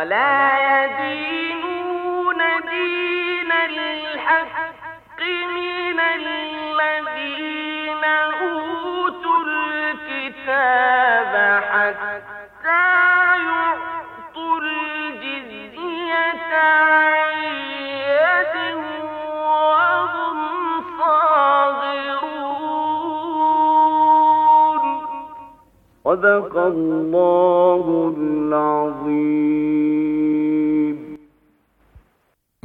ولا يدينون دين الحق من الذين أوتوا الكتاب حتى يعطوا الجزية عن يد وهم صادرون صدق الله العظيم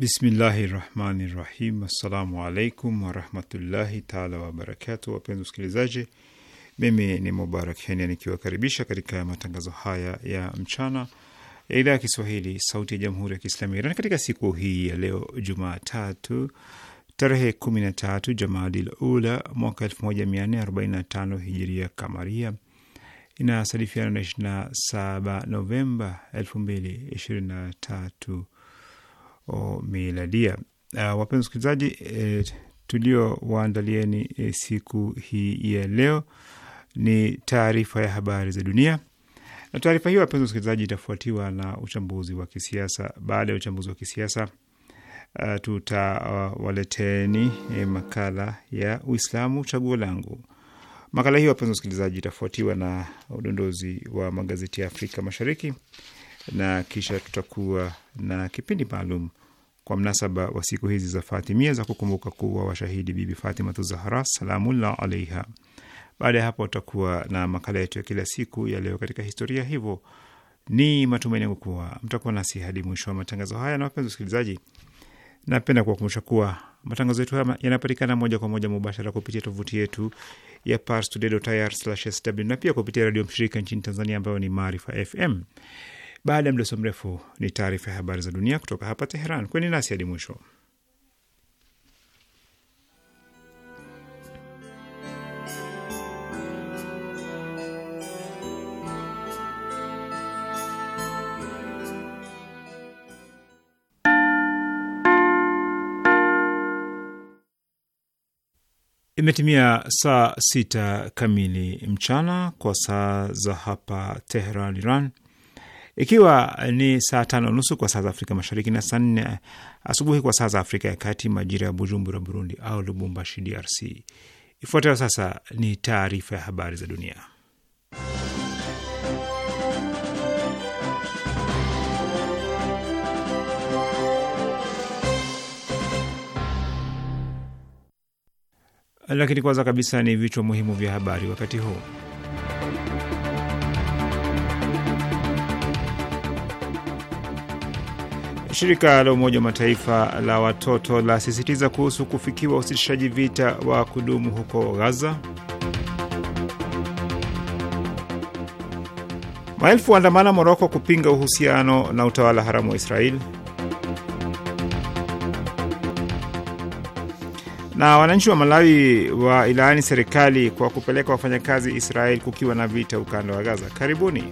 Bismillahi rahmani rahim. Assalamu alaikum warahmatullahi taala wabarakatu. Wapenzi wasikilizaji, mimi ni Mubarak Henia nikiwakaribisha katika matangazo haya ya mchana ya idhaa ya Kiswahili sauti ya jamhuri ya Kiislamu ya Iran katika siku hii ya leo Jumatatu tarehe 13 Jamaadil Ula mwaka 1445 hijiria kamaria inasadifiana na 27 Novemba 2023 miladia. Uh, wapenzi wasikilizaji, eh, tulio waandalieni eh, siku hii ya leo ni taarifa ya habari za dunia, na taarifa hiyo wapenzi wasikilizaji, itafuatiwa na uchambuzi wa kisiasa. Baada ya uchambuzi wa kisiasa uh, tutawaleteni uh, eh, makala ya Uislamu chaguo langu. Makala hiyo wapenzi wasikilizaji, itafuatiwa na udondozi wa magazeti ya Afrika Mashariki na kisha tutakuwa na kipindi maalum kwa mnasaba wa siku hizi za Fatimia za kukumbuka kuwa washahidi Bibi Fatimatu Zahra salamullah alaiha. Baada ya hapo, tutakuwa na makala yetu ya kila siku ya leo katika historia. Hivyo ni matumaini yangu kuwa mtakuwa nasi hadi mwisho wa matangazo haya. Na wapenzi wasikilizaji, napenda kuwakumbusha kuwa matangazo yetu haya yanapatikana moja kwa moja mubashara kupitia tovuti yetu ya parstoday.ir/sw na pia kupitia redio mshirika nchini Tanzania ambayo ni Maarifa FM. Baada ya mdoso mrefu ni taarifa ya habari za dunia kutoka hapa Teheran. Kweni nasi hadi mwisho. Imetimia saa sita kamili mchana kwa saa za hapa Teheran, Iran, ikiwa ni saa tano nusu kwa saa za Afrika Mashariki na saa nne asubuhi kwa saa za Afrika ya Kati, majira ya Bujumbura, Burundi, au Lubumbashi, DRC. Ifuatayo sasa ni taarifa ya habari za dunia, lakini kwanza kabisa ni vichwa muhimu vya habari wakati huu. Shirika la Umoja wa Mataifa la watoto lasisitiza kuhusu kufikiwa usitishaji vita wa kudumu huko Gaza. Maelfu waandamana Moroko kupinga uhusiano na utawala haramu wa Israeli. Na wananchi wa Malawi wa ilaani serikali kwa kupeleka wafanyakazi Israeli kukiwa na vita ukanda wa Gaza. Karibuni.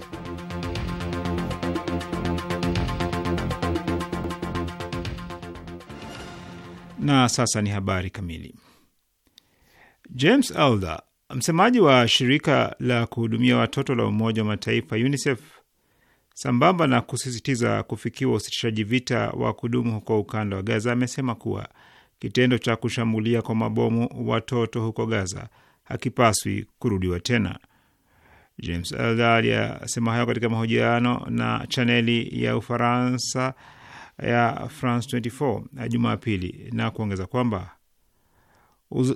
Na sasa ni habari kamili. James Elder, msemaji wa shirika la kuhudumia watoto la Umoja wa Mataifa UNICEF, sambamba na kusisitiza kufikiwa usitishaji vita wa kudumu huko ukanda wa Gaza, amesema kuwa kitendo cha kushambulia kwa mabomu watoto huko Gaza hakipaswi kurudiwa tena. James Elder aliyasema hayo katika mahojiano na chaneli ya Ufaransa ya France 24 eh, Jumapili na kuongeza kwamba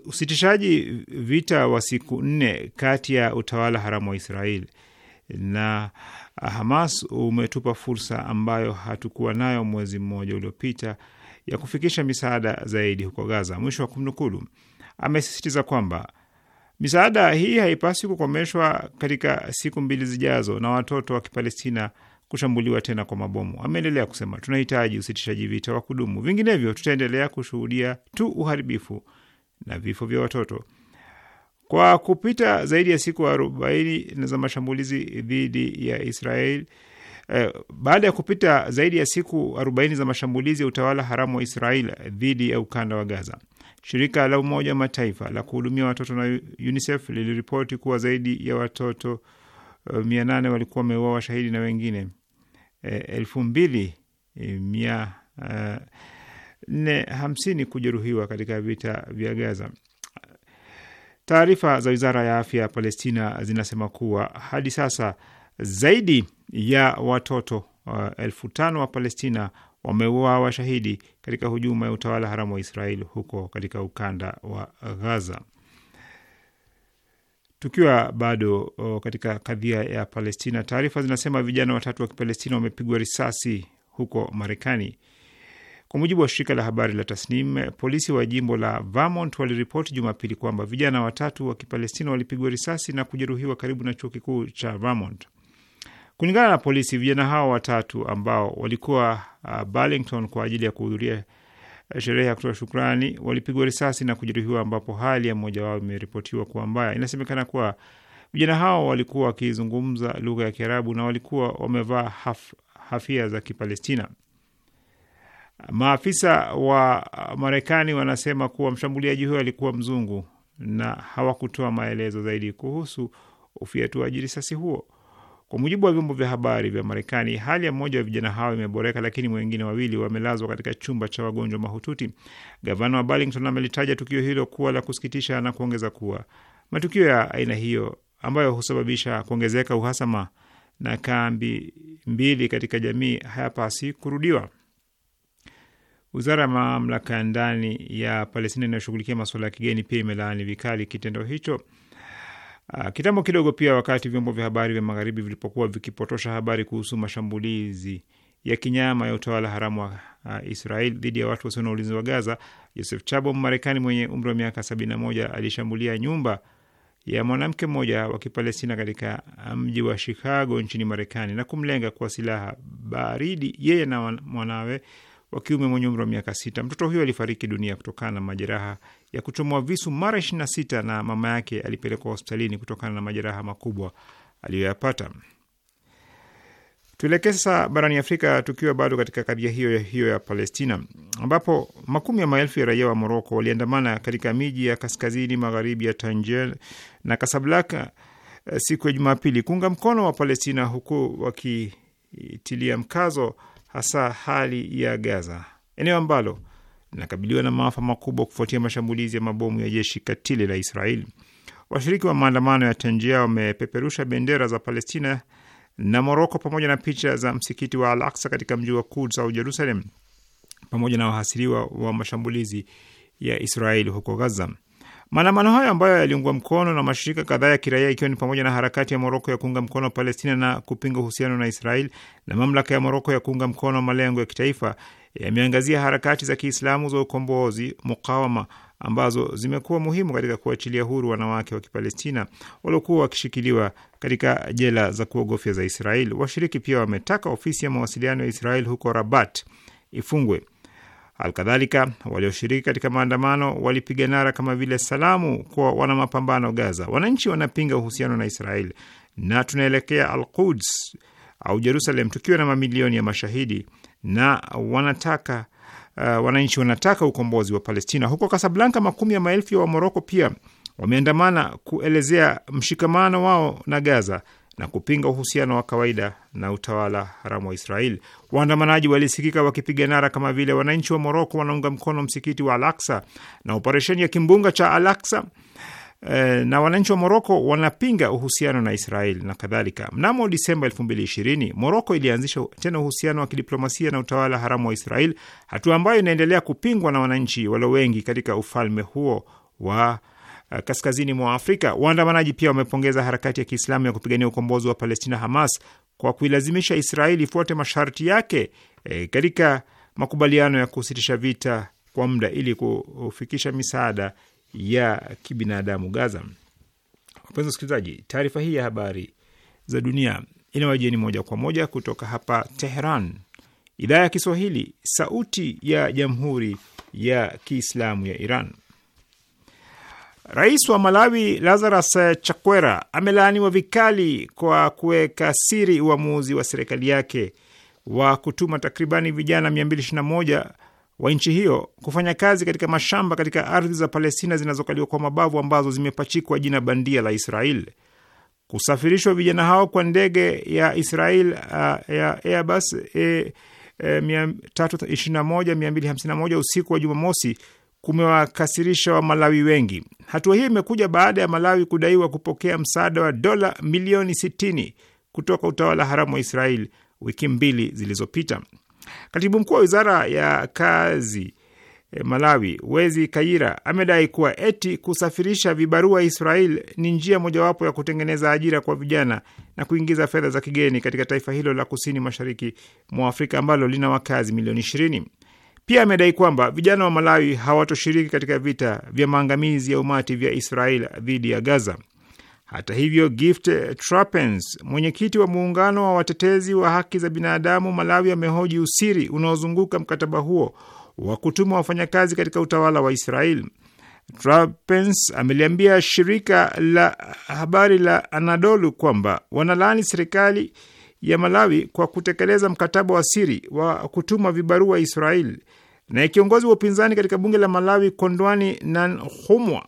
usitishaji vita wa siku nne kati ya utawala haramu wa Israel na Hamas umetupa fursa ambayo hatukuwa nayo mwezi mmoja uliopita ya kufikisha misaada zaidi huko Gaza. Mwisho wa kumnukulu. Amesisitiza kwamba misaada hii haipaswi kukomeshwa katika siku mbili zijazo, na watoto wa Kipalestina kushambuliwa tena kwa mabomu. Ameendelea kusema, tunahitaji usitishaji vita wa kudumu, vinginevyo tutaendelea kushuhudia tu uharibifu na vifo vya watoto. Kwa kupita zaidi ya siku arobaini za mashambulizi dhidi ya Israel eh, baada ya kupita zaidi ya siku arobaini za mashambulizi ya utawala haramu wa Israel dhidi ya ukanda wa Gaza, shirika la Umoja wa Mataifa la kuhudumia watoto na UNICEF liliripoti kuwa zaidi ya watoto eh, mia nane walikuwa wameuawa washahidi na wengine elfu mbili e, mia e, nne hamsini kujeruhiwa katika vita vya Gaza. Taarifa za wizara ya afya ya Palestina zinasema kuwa hadi sasa zaidi ya watoto e, elfu tano wa Palestina wameuawa washahidi katika hujuma ya utawala haramu wa Israeli huko katika ukanda wa Gaza. Tukiwa bado o, katika kadhia ya Palestina, taarifa zinasema vijana watatu wa Kipalestina wamepigwa risasi huko Marekani. Kwa mujibu wa shirika la habari la Tasnim, polisi wa jimbo la Vermont waliripoti Jumapili kwamba vijana watatu wa Kipalestina walipigwa risasi na kujeruhiwa karibu na chuo kikuu cha Vermont. Kulingana na polisi, vijana hao watatu ambao walikuwa uh, Burlington kwa ajili ya kuhudhuria sherehe ya kutoa shukrani walipigwa risasi na kujeruhiwa, ambapo hali ya mmoja wao imeripotiwa kuwa mbaya. Inasemekana kuwa vijana hao walikuwa wakizungumza lugha ya Kiarabu na walikuwa wamevaa haf, hafia za Kipalestina. Maafisa wa Marekani wanasema kuwa mshambuliaji huyo alikuwa mzungu na hawakutoa maelezo zaidi kuhusu ufiatuaji risasi huo. Kwa mujibu wa vyombo vya habari vya Marekani, hali ya mmoja wa vijana hao imeboreka, lakini wengine wawili wamelazwa katika chumba cha wagonjwa mahututi. Gavana wa Burlington amelitaja tukio hilo kuwa la kusikitisha na kuongeza kuwa matukio ya aina hiyo ambayo husababisha kuongezeka uhasama na kambi mbili katika jamii hayapasi kurudiwa. Wizara ya mamlaka ya ndani ya Palestina inayoshughulikia masuala ya kigeni pia imelaani vikali kitendo hicho. Ah, kitambo kidogo pia, wakati vyombo vya habari vya magharibi vilipokuwa vikipotosha habari kuhusu mashambulizi ya kinyama ya utawala haramu wa uh, Israel dhidi ya watu wasio na ulinzi wa Gaza, Joseph Chabo Mmarekani mwenye umri wa miaka 71 alishambulia nyumba ya mwanamke mmoja wa Kipalestina katika ah, mji wa Chicago nchini Marekani na kumlenga kwa silaha baridi yeye na mwanawe wa kiume mwenye umri wa miaka sita. Mtoto huyo alifariki dunia kutokana na majeraha ya kuchomwa visu mara 26 na mama yake alipelekwa hospitalini kutokana na majeraha makubwa aliyoyapata. Tuelekee sasa barani Afrika, tukiwa bado katika kadhia hiyo hiyo ya Palestina, ambapo makumi ya maelfu ya raia wa Moroko waliandamana katika miji ya kaskazini magharibi ya Tanger na Kasablanka eh, siku ya Jumapili kuunga mkono wa Palestina, huku wakitilia mkazo hasa hali ya Gaza, eneo ambalo linakabiliwa na maafa makubwa kufuatia mashambulizi ya mabomu ya jeshi katili la Israeli. Washiriki wa maandamano ya Tanjia wamepeperusha bendera za Palestina na Moroko pamoja na picha za msikiti wa Al Aksa katika mji wa Kuds au Jerusalem, pamoja na wahasiriwa wa mashambulizi ya Israeli huko Gaza. Maandamano hayo ambayo yaliungwa mkono na mashirika kadhaa ya kiraia ikiwa ni pamoja na harakati ya Moroko ya kuunga mkono Palestina na kupinga uhusiano na Israel na mamlaka ya Moroko ya kuunga mkono malengo ya kitaifa yameangazia harakati za Kiislamu za ukombozi mukawama ambazo zimekuwa muhimu katika kuachilia huru wanawake wa Kipalestina waliokuwa wakishikiliwa katika jela za kuogofya za Israel. Washiriki pia wametaka ofisi ya mawasiliano ya Israel huko Rabat ifungwe. Alkadhalika, walioshiriki katika maandamano walipiga nara kama vile salamu kwa mapambano Gaza. Wananchi wanapinga uhusiano na Israel na tunaelekea Al Quds au Jerusalem tukiwa na mamilioni ya mashahidi na wanataka uh, wananchi wanataka ukombozi wa Palestina. Huko Kasablanka, makumi ya maelfu ya Wamoroko pia wameandamana kuelezea mshikamano wao na Gaza na kupinga uhusiano wa kawaida na utawala haramu wa Israel. Waandamanaji walisikika wakipiga nara kama vile wananchi wa Moroko wanaunga mkono msikiti wa Al-Aqsa na operesheni ya kimbunga cha Al-Aqsa Eh, na wananchi wa Moroko wanapinga uhusiano na Israel na kadhalika. Mnamo Disemba 2020 Moroko ilianzisha tena uhusiano wa kidiplomasia na utawala haramu wa Israel, hatua ambayo inaendelea kupingwa na wananchi walio wengi katika ufalme huo wa eh, kaskazini mwa Afrika. Waandamanaji pia wamepongeza harakati ya Kiislamu ya kupigania ukombozi wa Palestina, Hamas, kwa kuilazimisha Israeli ifuate masharti yake e, katika makubaliano ya kusitisha vita kwa muda ili kufikisha misaada ya kibinadamu Gaza. Wapenzi wasikilizaji, taarifa hii ya habari za dunia inawajieni moja kwa moja kutoka hapa Teheran, idhaa ya Kiswahili, sauti ya jamhuri ya kiislamu ya Iran. Rais wa Malawi Lazarus Chakwera amelaaniwa vikali kwa kuweka siri uamuzi wa serikali yake wa kutuma takribani vijana 221 wa nchi hiyo kufanya kazi katika mashamba katika ardhi za Palestina zinazokaliwa kwa mabavu ambazo zimepachikwa jina bandia la Israel. Kusafirishwa vijana hao kwa ndege ya Israel uh, ya Airbus e, e, 321-251 usiku wa Jumamosi kumewakasirisha wa malawi wengi. Hatua hii imekuja baada ya Malawi kudaiwa kupokea msaada wa dola milioni 60 kutoka utawala haramu wa Israel wiki mbili zilizopita. Katibu mkuu wa wizara ya kazi eh, Malawi Wezi Kayira amedai kuwa eti kusafirisha vibarua Israel ni njia mojawapo ya kutengeneza ajira kwa vijana na kuingiza fedha za kigeni katika taifa hilo la kusini mashariki mwa Afrika ambalo lina wakazi milioni ishirini. Pia amedai kwamba vijana wa Malawi hawatoshiriki katika vita vya maangamizi ya umati vya Israel dhidi ya Gaza. Hata hivyo, Gift eh, Trapens, mwenyekiti wa muungano wa watetezi wa haki za binadamu Malawi, amehoji usiri unaozunguka mkataba huo wa kutuma wafanyakazi katika utawala wa Israeli. Trapens ameliambia shirika la habari la Anadolu kwamba wanalaani serikali ya Malawi kwa kutekeleza mkataba wa siri wa kutuma vibarua Israeli. Naye kiongozi wa upinzani katika bunge la Malawi Kondwani Nankhumwa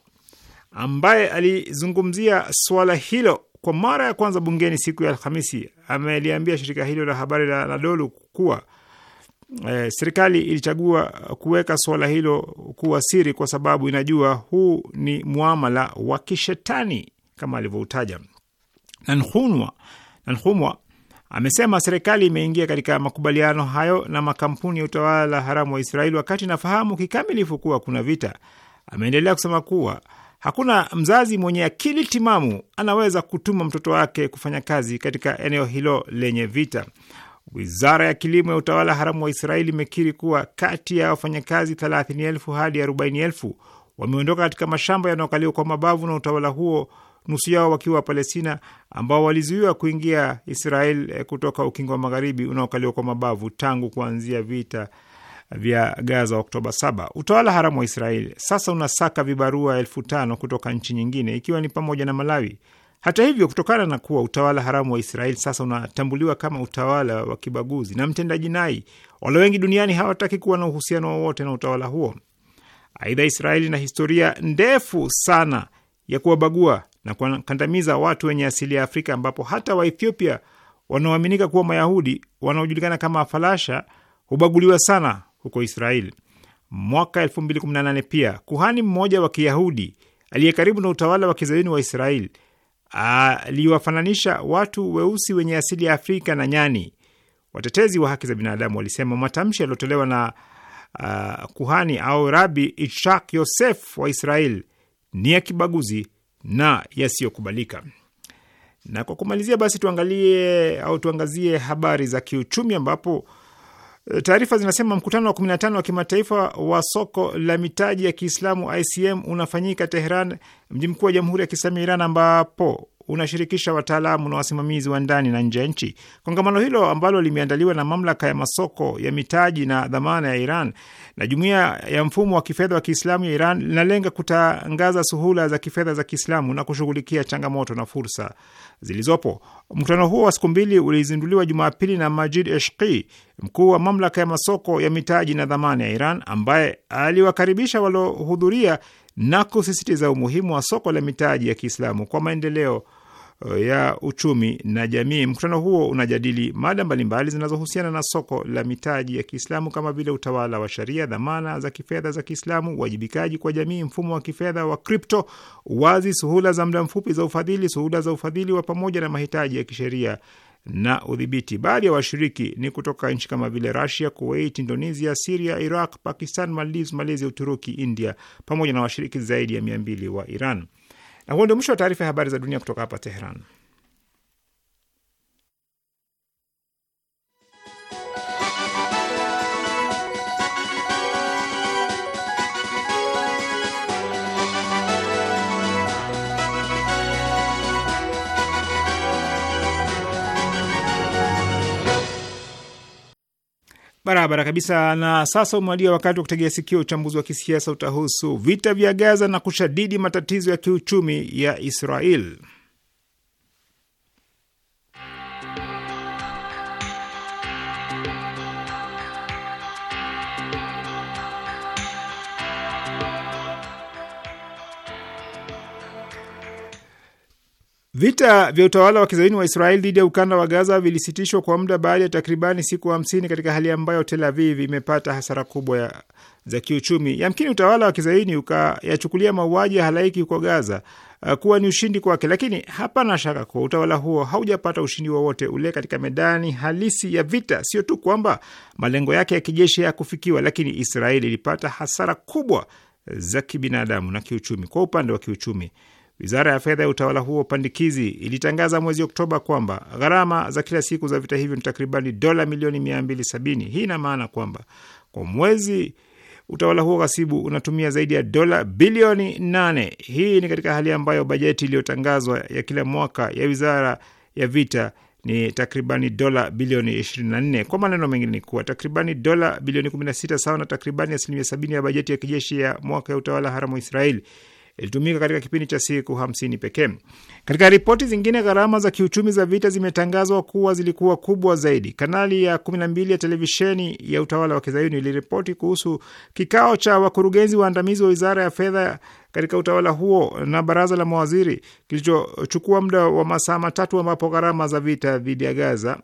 ambaye alizungumzia suala hilo kwa mara ya kwanza bungeni siku ya Alhamisi ameliambia shirika hilo la habari la Anadolu kuwa e, serikali ilichagua kuweka suala hilo kuwa siri kwa sababu inajua huu ni muamala wa kishetani kama alivyoutaja. Nanhunwa Nanhumwa amesema serikali imeingia katika makubaliano hayo na makampuni ya utawala haramu wa Israeli wakati inafahamu kikamilifu kuwa kuna vita. Ameendelea kusema kuwa Hakuna mzazi mwenye akili timamu anaweza kutuma mtoto wake kufanya kazi katika eneo hilo lenye vita. Wizara ya kilimo ya utawala haramu wa Israeli imekiri kuwa kati ya wafanyakazi 3 hadi elfu wameondoka katika mashamba yanayokaliwa kwa mabavu na utawala huo, nusu yao wakiwa Wapalestina ambao walizuiwa kuingia Israel eh, kutoka ukingo wa magharibi unaokaliwa kwa mabavu tangu kuanzia vita vya Gaza Oktoba 7. Utawala haramu wa Israel sasa unasaka vibarua elfu tano kutoka nchi nyingine ikiwa ni pamoja na Malawi. Hata hivyo, kutokana na kuwa utawala haramu wa Israel sasa unatambuliwa kama utawala wa kibaguzi na mtendaji nai, wale wengi duniani hawataki kuwa na uhusiano wowote na utawala huo. Aidha, Israeli ina historia ndefu sana ya kuwabagua na kuwakandamiza watu wenye asili ya Afrika, ambapo hata Waethiopia wanaoaminika kuwa Mayahudi wanaojulikana kama Afalasha hubaguliwa sana huko Israel. Mwaka 2018 pia kuhani mmoja wa Kiyahudi aliye karibu na utawala wa kizayuni wa Israel aliwafananisha watu weusi wenye asili ya Afrika na nyani. Watetezi wa haki za binadamu walisema matamshi yaliyotolewa na uh, kuhani au rabi Ishak Yosef wa Israel ni ya kibaguzi na yasiyokubalika. Na kwa kumalizia basi, tuangalie au tuangazie habari za kiuchumi ambapo Eh, taarifa zinasema mkutano wa 15 wa kimataifa wa soko la mitaji ya Kiislamu ICM unafanyika Teheran, mji mkuu wa Jamhuri ya Kiislamu ya Iran, ambapo unashirikisha wataalamu na wasimamizi wa ndani na nje ya nchi. Kongamano hilo ambalo limeandaliwa na mamlaka ya masoko ya mitaji na dhamana ya Iran na jumuiya ya mfumo wa kifedha wa Kiislamu ya Iran linalenga kutangaza suhula za kifedha za Kiislamu na kushughulikia changamoto na fursa zilizopo. Mkutano huo wa siku mbili ulizinduliwa Jumapili na Majid Eshqi, mkuu wa mamlaka ya masoko ya mitaji na dhamana ya Iran, ambaye aliwakaribisha waliohudhuria na kusisitiza umuhimu wa soko la mitaji ya Kiislamu kwa maendeleo Eh, ya uchumi na jamii. Mkutano huo unajadili mada mbalimbali zinazohusiana na soko la mitaji ya Kiislamu kama vile utawala wa sharia, dhamana za kifedha za Kiislamu, uwajibikaji kwa jamii, mfumo wa kifedha wa kripto, uwazi, suhula za muda mfupi za ufadhili, suhula za ufadhili wa pamoja na mahitaji ya kisheria na udhibiti. Baadhi ya washiriki ni kutoka nchi kama vile Russia, Kuwait, Indonesia, Siria, Iraq, Pakistan, Maldives, Malaysia, Uturuki, India pamoja na washiriki zaidi ya mia mbili wa Iran. Na huo ndio mwisho wa taarifa ya habari za dunia kutoka hapa Teheran. Barabara kabisa. Na sasa umewadia wakati wa kutegea sikio. Uchambuzi wa kisiasa utahusu vita vya Gaza na kushadidi matatizo ya kiuchumi ya Israel. Vita vya utawala wa kizaini wa Israeli dhidi ya ukanda wa Gaza vilisitishwa kwa muda baada ya takribani siku hamsini katika hali ambayo Tel Aviv imepata hasara kubwa ya, za kiuchumi. Yamkini utawala wa kizaini ukayachukulia mauaji ya halaiki huko Gaza uh, kuwa ni ushindi kwake, lakini hapana shaka kuwa utawala huo haujapata ushindi wowote ule katika medani halisi ya vita. Sio tu kwamba malengo yake ya kijeshi hayakufikiwa, lakini Israeli ilipata hasara kubwa za kibinadamu na kiuchumi. Kwa upande wa kiuchumi Wizara ya fedha ya utawala huo pandikizi ilitangaza mwezi Oktoba kwamba gharama za kila siku za vita hivyo ni takribani dola milioni 270. Hii ina maana kwamba kwa mwezi utawala huo ghasibu unatumia zaidi ya dola bilioni 8. Hii ni katika hali ambayo bajeti iliyotangazwa ya kila mwaka ya wizara ya vita ni takribani dola bilioni 24. Kwa maneno mengine ni kuwa takribani dola bilioni 16 sawa na takribani asilimia 70 ya bajeti ya kijeshi ya mwaka ya utawala haramu wa Israeli ilitumika katika kipindi cha siku hamsini pekee. Katika ripoti zingine, gharama za kiuchumi za vita zimetangazwa kuwa zilikuwa kubwa zaidi. Kanali ya kumi na mbili ya televisheni ya utawala wa kizayuni iliripoti kuhusu kikao cha wakurugenzi waandamizi wa wizara ya fedha katika utawala huo na baraza la mawaziri kilichochukua muda wa masaa matatu ambapo gharama za vita dhidi ya Gaza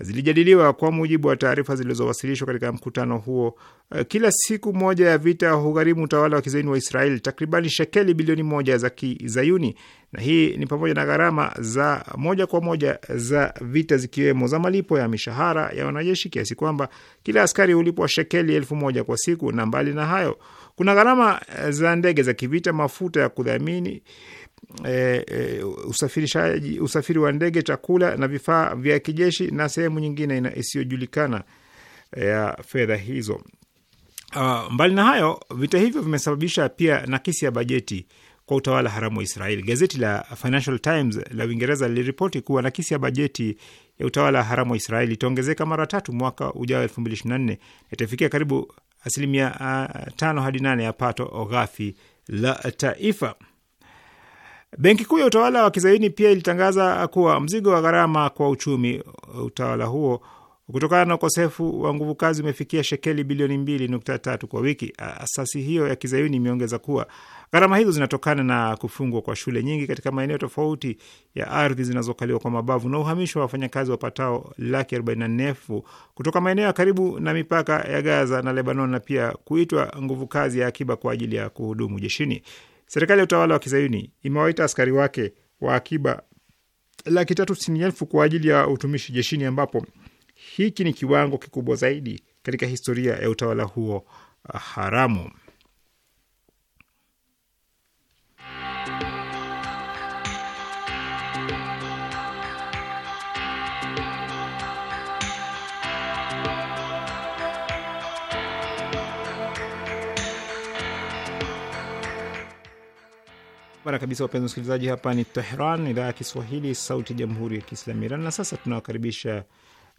zilijadiliwa. Kwa mujibu wa taarifa zilizowasilishwa katika mkutano huo, eh, kila siku moja ya vita hugharimu utawala wa kizaini wa israel takribani shekeli bilioni moja za kizayuni, na hii ni pamoja na gharama za moja kwa moja za vita zikiwemo za malipo ya mishahara ya wanajeshi, kiasi kwamba kila askari hulipwa shekeli elfu moja kwa siku, na mbali na hayo kuna gharama eh, za ndege za kivita, mafuta ya kudhamini e, e, usafirishaji, usafiri wa ndege, chakula na vifaa vya kijeshi na sehemu nyingine isiyojulikana eh, ya fedha hizo. Uh, mbali na hayo, vita hivyo vimesababisha pia nakisi ya bajeti kwa utawala haramu wa Israeli. Gazeti la Financial Times la Uingereza liliripoti kuwa nakisi ya bajeti ya utawala haramu wa Israeli itaongezeka mara tatu mwaka ujao 2024 itafikia karibu asilimia uh, tano hadi nane ya pato ghafi la taifa. Benki Kuu ya utawala wa kizaini pia ilitangaza kuwa mzigo wa gharama kwa uchumi uh, utawala huo kutokana na ukosefu wa nguvu kazi umefikia shekeli bilioni mbili nukta tatu kwa wiki. Asasi hiyo ya kizayuni imeongeza kuwa gharama hizo zinatokana na kufungwa kwa shule nyingi katika maeneo tofauti ya ardhi zinazokaliwa kwa mabavu na uhamisho wa wafanyakazi wapatao laki arobaini na nne elfu kutoka maeneo ya karibu na mipaka ya Gaza na Lebanon, na pia kuitwa nguvu kazi ya akiba kwa ajili ya kuhudumu jeshini. Serikali ya utawala wa kizayuni imewaita askari wake wa akiba laki tatu sitini elfu kwa ajili ya utumishi jeshini, ambapo hiki ni kiwango kikubwa zaidi katika historia ya utawala huo haramu. Bara kabisa, wapenzi wasikilizaji, hapa ni Tehran, idhaa ya Kiswahili, sauti ya jamhuri ya kiislamu Iran. Na sasa tunawakaribisha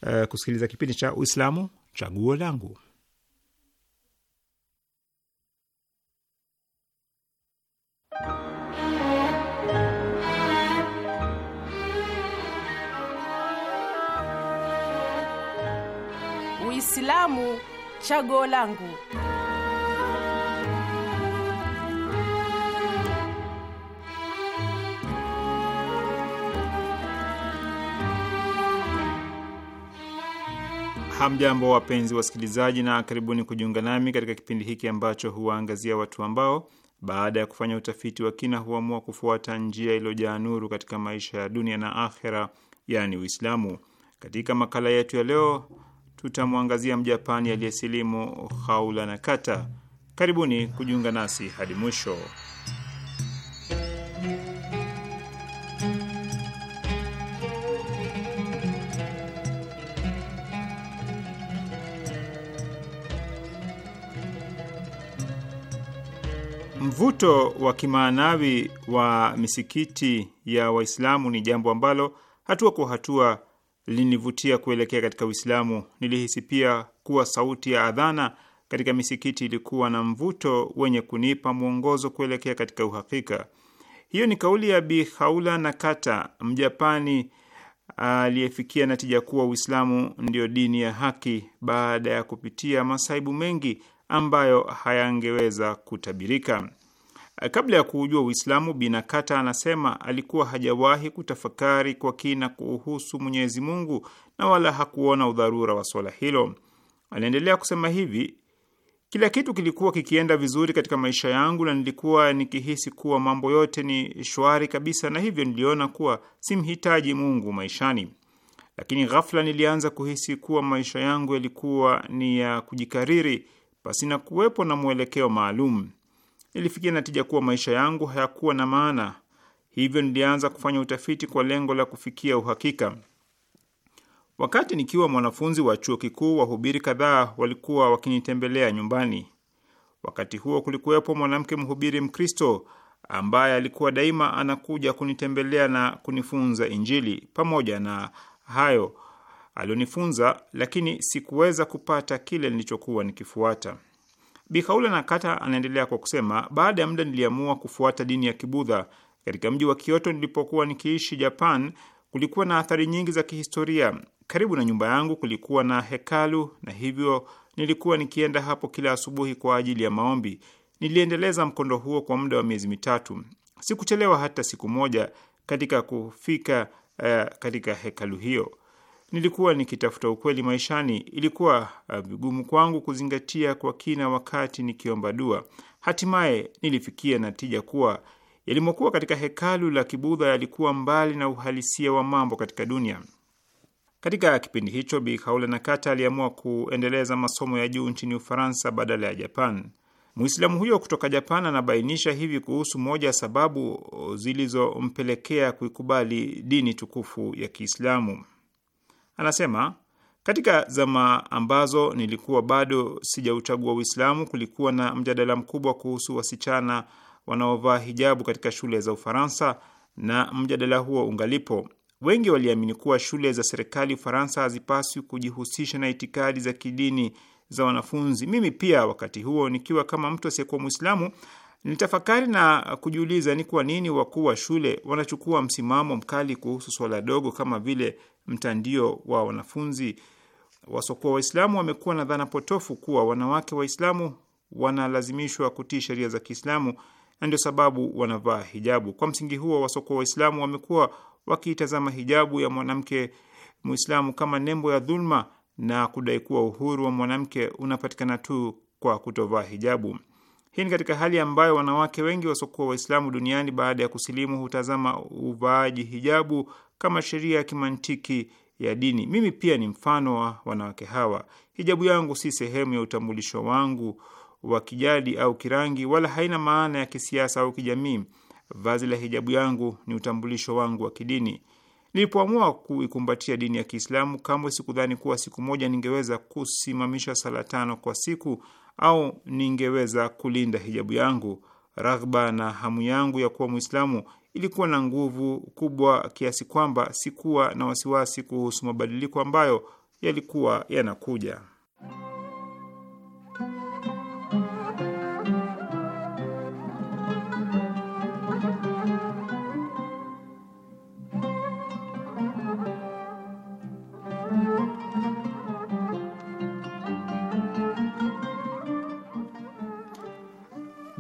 uh, kusikiliza kipindi cha Uislamu chaguo langu. Uislamu chaguo langu. Hamjambo, wapenzi wasikilizaji, na karibuni kujiunga nami katika kipindi hiki ambacho huwaangazia watu ambao baada ya kufanya utafiti wa kina huamua kufuata njia iliyojaa nuru katika maisha ya dunia na akhera, yaani Uislamu. Katika makala yetu ya leo, tutamwangazia Mjapani aliyesilimu Haula Nakata. Karibuni kujiunga nasi hadi mwisho. Mvuto wa kimaanawi wa misikiti ya Waislamu ni jambo ambalo hatua kwa hatua linivutia kuelekea katika Uislamu. Nilihisi pia kuwa sauti ya adhana katika misikiti ilikuwa na mvuto wenye kunipa mwongozo kuelekea katika uhakika. Hiyo ni kauli ya Bi Haula Nakata, Mjapani aliyefikia natija kuwa Uislamu ndio dini ya haki baada ya kupitia masaibu mengi ambayo hayangeweza kutabirika. Kabla ya kuujua Uislamu, Binakata anasema alikuwa hajawahi kutafakari kwa kina kuhusu Mwenyezi Mungu na wala hakuona udharura wa swala hilo. Aliendelea kusema hivi: kila kitu kilikuwa kikienda vizuri katika maisha yangu na nilikuwa nikihisi kuwa mambo yote ni shwari kabisa, na hivyo niliona kuwa simhitaji Mungu maishani. Lakini ghafla nilianza kuhisi kuwa maisha yangu yalikuwa ni ya kujikariri pasina kuwepo na mwelekeo maalum nilifikia natija kuwa maisha yangu hayakuwa na maana. Hivyo nilianza kufanya utafiti kwa lengo la kufikia uhakika. Wakati nikiwa mwanafunzi wa chuo kikuu, wahubiri kadhaa walikuwa wakinitembelea nyumbani. Wakati huo kulikuwepo mwanamke mhubiri Mkristo ambaye alikuwa daima anakuja kunitembelea na kunifunza Injili. Pamoja na hayo alionifunza, lakini sikuweza kupata kile nilichokuwa nikifuata. Bikaula Nakata anaendelea kwa kusema, baada ya muda niliamua kufuata dini ya Kibudha. Katika mji wa Kyoto nilipokuwa nikiishi Japan, kulikuwa na athari nyingi za kihistoria. Karibu na nyumba yangu kulikuwa na hekalu, na hivyo nilikuwa nikienda hapo kila asubuhi kwa ajili ya maombi. Niliendeleza mkondo huo kwa muda wa miezi mitatu. Sikuchelewa hata siku moja katika kufika uh, katika hekalu hiyo nilikuwa nikitafuta ukweli maishani. Ilikuwa uh, vigumu kwangu kuzingatia kwa kina wakati nikiomba dua. Hatimaye nilifikia natija kuwa yalimokuwa katika hekalu la Kibudha yalikuwa mbali na uhalisia wa mambo katika dunia. Katika kipindi hicho, Bi Khawla Nakata aliamua kuendeleza masomo ya juu nchini Ufaransa badala ya Japan. Mwislamu huyo kutoka Japan anabainisha hivi kuhusu moja ya sababu zilizompelekea kuikubali dini tukufu ya Kiislamu. Anasema, katika zama ambazo nilikuwa bado sijauchagua Uislamu, kulikuwa na mjadala mkubwa kuhusu wasichana wanaovaa hijabu katika shule za Ufaransa, na mjadala huo ungalipo. Wengi waliamini kuwa shule za serikali Ufaransa hazipaswi kujihusisha na itikadi za kidini za wanafunzi. Mimi pia wakati huo nikiwa kama mtu asiyekuwa Mwislamu Nitafakari na kujiuliza ni kwa nini wakuu wa shule wanachukua msimamo mkali kuhusu swala dogo kama vile mtandio wa wanafunzi. Wasokuwa Waislamu wamekuwa na dhana potofu kuwa wanawake Waislamu wanalazimishwa kutii sheria za Kiislamu na ndio sababu wanavaa hijabu. Kwa msingi huo, wasokuwa Waislamu wamekuwa wakiitazama hijabu ya mwanamke Muislamu kama nembo ya dhulma na kudai kuwa uhuru wa mwanamke unapatikana tu kwa kutovaa hijabu. Hii ni katika hali ambayo wanawake wengi wasiokuwa Waislamu duniani baada ya kusilimu hutazama uvaaji hijabu kama sheria ya kimantiki ya dini. Mimi pia ni mfano wa wanawake hawa. Hijabu yangu si sehemu ya utambulisho wangu wa kijadi au kirangi, wala haina maana ya kisiasa au kijamii. Vazi la hijabu yangu ni utambulisho wangu wa kidini. Nilipoamua kuikumbatia dini ya Kiislamu, kamwe sikudhani kuwa siku moja ningeweza kusimamisha sala tano kwa siku au ningeweza kulinda hijabu yangu. Raghba na hamu yangu ya kuwa Mwislamu ilikuwa na nguvu kubwa kiasi kwamba sikuwa na wasiwasi kuhusu mabadiliko ambayo yalikuwa yanakuja.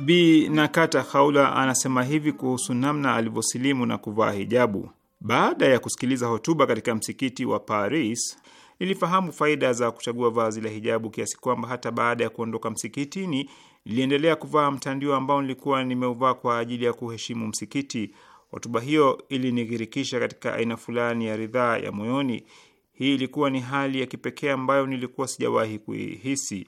Bi Nakata Haula anasema hivi kuhusu namna alivyosilimu na kuvaa hijabu: baada ya kusikiliza hotuba katika msikiti wa Paris nilifahamu faida za kuchagua vazi la hijabu kiasi kwamba hata baada ya kuondoka msikitini niliendelea kuvaa mtandio ambao nilikuwa nimeuvaa kwa ajili ya kuheshimu msikiti. Hotuba hiyo ilinighirikisha katika aina fulani ya ridhaa ya moyoni. Hii ilikuwa ni hali ya kipekee ambayo nilikuwa sijawahi kuihisi.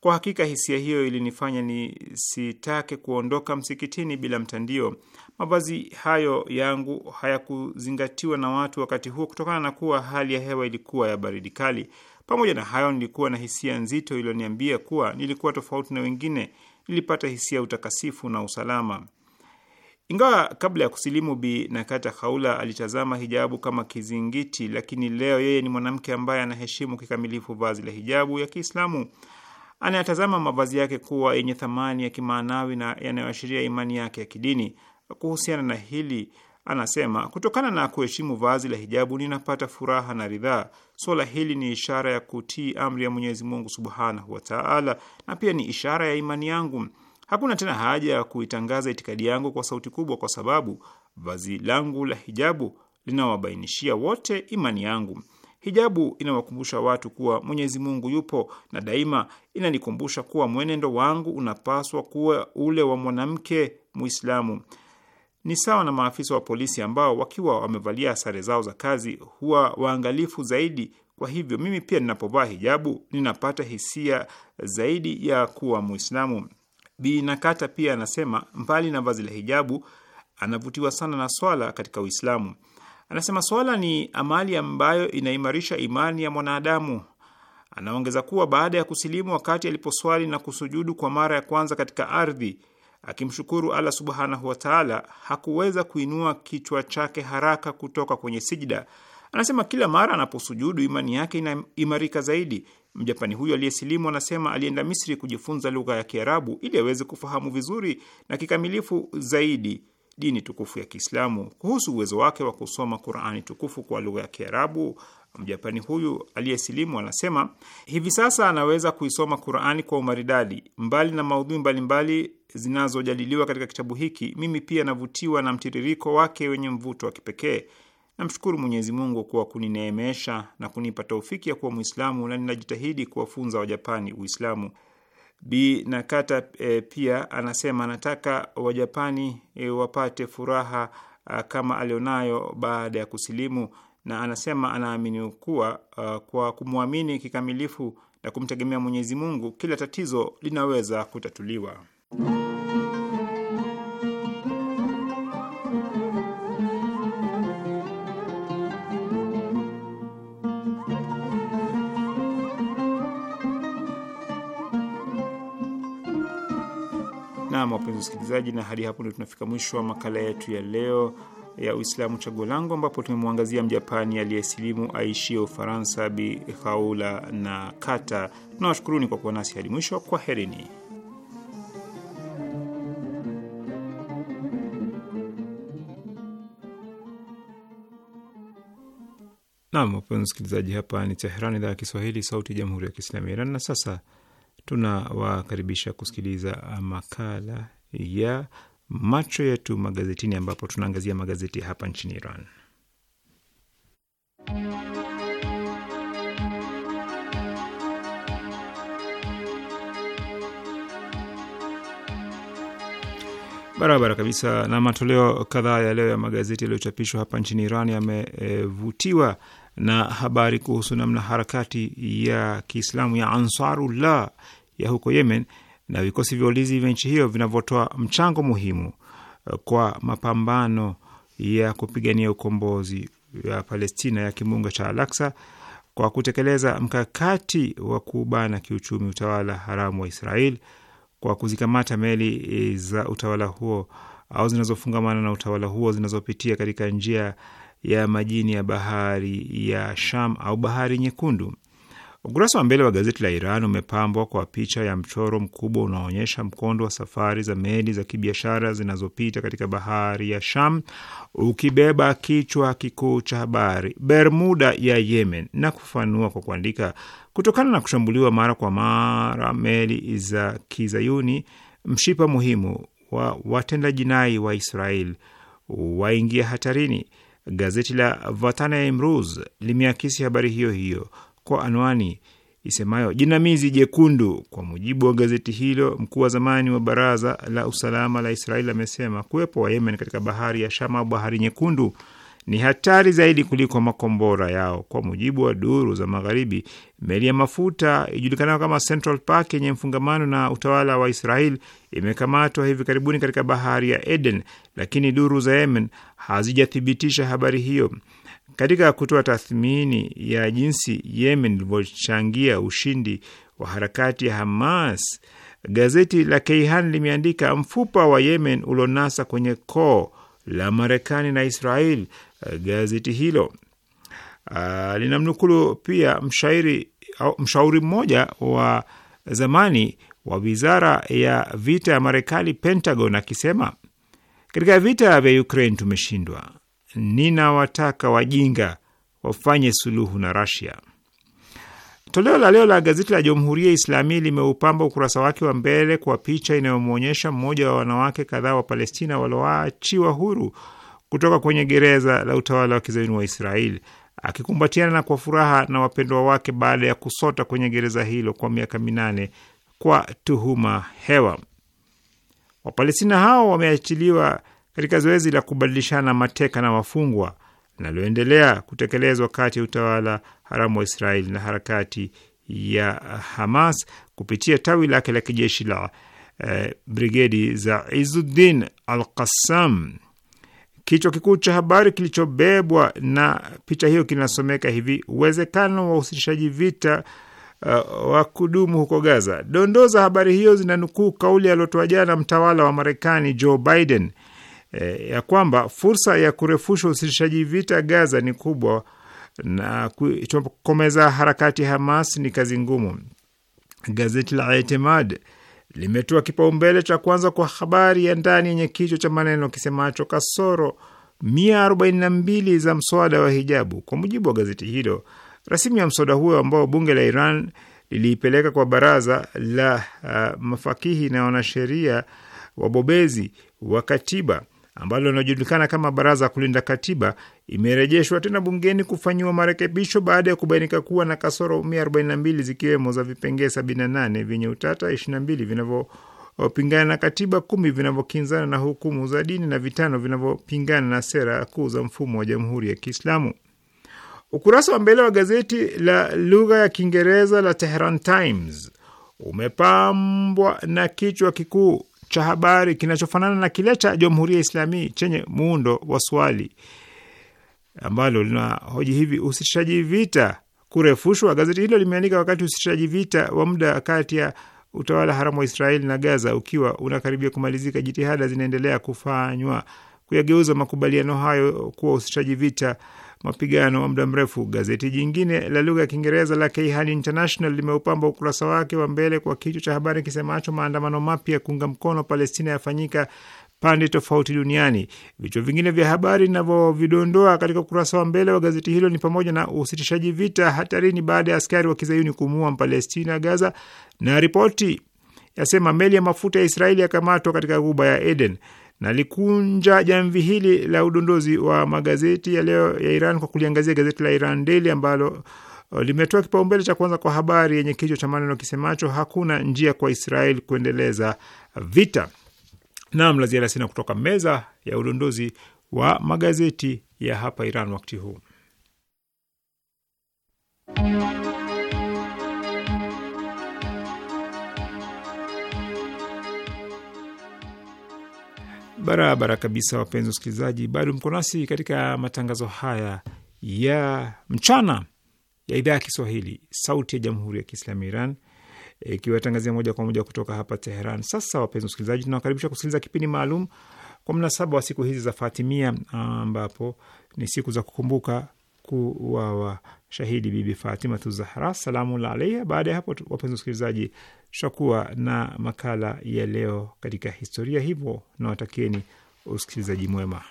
Kwa hakika hisia hiyo ilinifanya nisitake kuondoka msikitini bila mtandio. Mavazi hayo yangu hayakuzingatiwa na watu wakati huo kutokana na kuwa hali ya hewa ilikuwa ya baridi kali. Pamoja na hayo, nilikuwa na hisia nzito iliyoniambia kuwa nilikuwa tofauti na wengine. Nilipata hisia ya utakasifu na usalama. Ingawa kabla ya kusilimu, Bi Nakata Haula alitazama hijabu kama kizingiti, lakini leo yeye ni mwanamke ambaye anaheshimu kikamilifu vazi la hijabu ya Kiislamu anayatazama mavazi yake kuwa yenye thamani ya kimaanawi na yanayoashiria imani yake ya kidini. Kuhusiana na hili anasema, kutokana na kuheshimu vazi la hijabu ninapata furaha na ridhaa. Suala hili ni ishara ya kutii amri ya Mwenyezi Mungu subhanahu wataala, na pia ni ishara ya imani yangu. Hakuna tena haja ya kuitangaza itikadi yangu kwa sauti kubwa, kwa sababu vazi langu la hijabu linawabainishia wote imani yangu. Hijabu inawakumbusha watu kuwa Mwenyezi Mungu yupo na daima inanikumbusha kuwa mwenendo wangu unapaswa kuwa ule wa mwanamke Muislamu. Ni sawa na maafisa wa polisi ambao wakiwa wamevalia sare zao za kazi huwa waangalifu zaidi. Kwa hivyo mimi pia ninapovaa hijabu ninapata hisia zaidi ya kuwa Muislamu. Bi Nakata pia anasema mbali na vazi la hijabu, anavutiwa sana na swala katika Uislamu. Anasema swala ni amali ambayo inaimarisha imani ya mwanadamu. Anaongeza kuwa baada ya kusilimu, wakati aliposwali na kusujudu kwa mara ya kwanza katika ardhi akimshukuru Allah subhanahu wataala, hakuweza kuinua kichwa chake haraka kutoka kwenye sijida. Anasema kila mara anaposujudu imani yake inaimarika zaidi. Mjapani huyo aliyesilimu anasema alienda Misri kujifunza lugha ya Kiarabu ili aweze kufahamu vizuri na kikamilifu zaidi dini tukufu ya Kiislamu. Kuhusu uwezo wake wa kusoma Qurani tukufu kwa lugha ya Kiarabu, Mjapani huyu aliyesilimu anasema hivi sasa anaweza kuisoma Qurani kwa umaridadi. Mbali na maudhui mbalimbali zinazojadiliwa katika kitabu hiki, mimi pia navutiwa na mtiririko wake wenye mvuto wa kipekee. Namshukuru Mwenyezi Mungu kwa kunineemesha na kunipa taufiki ya kuwa Mwislamu, na ninajitahidi kuwafunza Wajapani Uislamu. Bi Nakata e, pia anasema anataka Wajapani e, wapate furaha a, ah, kama alionayo baada ya kusilimu, na anasema anaamini kuwa a, ah, kwa kumwamini kikamilifu na kumtegemea Mwenyezi Mungu kila tatizo linaweza kutatuliwa. Naam, wapenzi wasikilizaji, na hadi hapo ndio tunafika mwisho wa makala yetu ya leo ya Uislamu Chaguo Langu, ambapo tumemwangazia Mjapani aliyesilimu aishie Ufaransa, Bi Haula na Kata. Tunawashukuruni kwa kuwa nasi hadi mwisho. Kwa herini. Nam, wapenzi msikilizaji, hapa ni Teheran, idhaa ya Kiswahili, sauti ya jamhuri ya kiislamu ya Iran. Na sasa tunawakaribisha kusikiliza makala ya macho yetu magazetini, ambapo tunaangazia magazeti hapa nchini Iran. Barabara kabisa. Na matoleo kadhaa ya leo ya magazeti yaliyochapishwa hapa nchini Iran yamevutiwa e, na habari kuhusu namna harakati ya Kiislamu ya Ansarullah ya huko Yemen na vikosi vya ulinzi vya nchi hiyo vinavyotoa mchango muhimu eh, kwa mapambano ya kupigania ukombozi wa Palestina ya kimbunga cha Al-Aqsa kwa kutekeleza mkakati wa kubana kiuchumi utawala haramu wa Israel kwa kuzikamata meli eh, za utawala huo au zinazofungamana na utawala huo zinazopitia katika njia ya majini ya bahari ya Sham au bahari Nyekundu. Ukurasa wa mbele wa gazeti la Iran umepambwa kwa picha ya mchoro mkubwa unaoonyesha mkondo wa safari za meli za kibiashara zinazopita katika bahari ya Sham, ukibeba kichwa kikuu cha habari Bermuda ya Yemen, na kufanua kwa kuandika, kutokana na kushambuliwa mara kwa mara meli za Kizayuni, mshipa muhimu wa watenda jinai wa Israel waingia hatarini. Gazeti la Vatana ya Imruz limeakisi habari hiyo hiyo kwa anwani isemayo jinamizi jekundu. Kwa mujibu wa gazeti hilo, mkuu wa zamani wa baraza la usalama la Israeli amesema kuwepo wa Yemen katika bahari ya shama bahari nyekundu ni hatari zaidi kuliko makombora yao. Kwa mujibu wa duru za magharibi, meli ya mafuta ijulikanayo kama Central Park yenye mfungamano na utawala wa Israel imekamatwa hivi karibuni katika bahari ya Eden, lakini duru za Yemen hazijathibitisha habari hiyo katika kutoa tathmini ya jinsi Yemen ilivyochangia ushindi wa harakati ya Hamas, gazeti la Keihan limeandika mfupa wa Yemen ulionasa kwenye koo la Marekani na Israel. Gazeti hilo ah, linamnukulu pia mshairi au mshauri mmoja wa zamani wa wizara ya vita ya Marekani, Pentagon, akisema katika vita vya Ukraine tumeshindwa ninawataka wajinga wafanye suluhu na Rasia. Toleo la leo la gazeti la Jamhuria Islami limeupamba ukurasa wake wa mbele kwa picha inayomwonyesha mmoja wa wanawake kadhaa wa Palestina walioachiwa huru kutoka kwenye gereza la utawala wa kizayuni wa Israeli akikumbatiana na kwa furaha na wapendwa wake baada ya kusota kwenye gereza hilo kwa miaka minane kwa tuhuma hewa. Wapalestina hao wameachiliwa katika zoezi la kubadilishana mateka na wafungwa linaloendelea kutekelezwa kati ya utawala haramu wa Israeli na harakati ya Hamas kupitia tawi lake la kijeshi la eh, brigedi za Izuddin al-Qassam. Kichwa kikuu cha habari kilichobebwa na picha hiyo kinasomeka hivi: uwezekano wa usitishaji vita uh, wa kudumu huko Gaza. Dondoo za habari hiyo zinanukuu kauli aliyotoa jana mtawala wa Marekani Joe Biden eh, ya kwamba fursa ya kurefusha usitishaji vita Gaza ni kubwa na kutokomeza harakati Hamas ni kazi ngumu. Gazeti la Etemad limetoa kipaumbele cha kwanza kwa habari ya ndani yenye kichwa cha maneno kisemacho kasoro 142 za mswada wa hijabu. Kwa mujibu wa gazeti hilo, rasimu ya mswada huo ambao bunge la Iran liliipeleka kwa baraza la uh, mafakihi na wanasheria wabobezi wa katiba ambalo linajulikana kama Baraza ya Kulinda Katiba imerejeshwa tena bungeni kufanyiwa marekebisho baada ya kubainika kuwa na kasoro 142 zikiwemo za vipengee 78 vyenye utata, 22 vinavyopingana na katiba, kumi vinavyokinzana na hukumu za dini na vitano vinavyopingana na sera kuu za mfumo wa Jamhuri ya Kiislamu. Ukurasa wa mbele wa gazeti la lugha ya Kiingereza la Tehran Times umepambwa na kichwa kikuu cha habari kinachofanana na kile cha Jamhuri ya Islami chenye muundo wa swali ambalo lina hoji hivi: usitishaji vita kurefushwa? Gazeti hilo limeandika wakati usitishaji vita wa muda kati ya utawala haramu wa Israeli na Gaza ukiwa unakaribia kumalizika, jitihada zinaendelea kufanywa kuyageuza makubaliano hayo kuwa usitishaji vita mapigano wa muda mrefu. Gazeti jingine la lugha ya Kiingereza la Kayhan International limeupamba ukurasa wake wa mbele kwa kichwa cha habari kisemacho maandamano mapya ya kuunga mkono Palestina yafanyika pande tofauti duniani. Vichwa vingine vya habari vinavyovidondoa katika ukurasa wa mbele wa gazeti hilo ni pamoja na usitishaji vita hatarini baada ya askari wa kizayuni kumuua Mpalestina Gaza, na ripoti yasema meli ya mafuta ya Israeli yakamatwa katika ghuba ya Eden nalikunja jamvi hili la udondozi wa magazeti ya leo ya Iran kwa kuliangazia gazeti la Iran Daily ambalo uh, limetoa kipaumbele cha kwanza kwa habari yenye kichwa cha maneno kisemacho hakuna njia kwa Israel kuendeleza vita. Naam, la ziada sina kutoka meza ya udondozi wa magazeti ya hapa Iran wakati huu. Barabara kabisa, wapenzi wasikilizaji, bado mko nasi katika matangazo haya ya mchana ya idhaa ya Kiswahili sauti ya jamhuri ya Kiislamu Iran ikiwatangazia e, moja kwa moja kutoka hapa Teheran. Sasa wapenzi wasikilizaji, tunawakaribisha kusikiliza kipindi maalum kwa mnasaba wa siku hizi za Fatimia ambapo ni siku za kukumbuka kuwawa shahidi Bibi Fatima Tuzahra salamullah alaiha. Baada ya hapo, wapenzi wasikilizaji, tutakuwa na makala ya leo katika historia, hivyo nawatakieni usikilizaji mwema.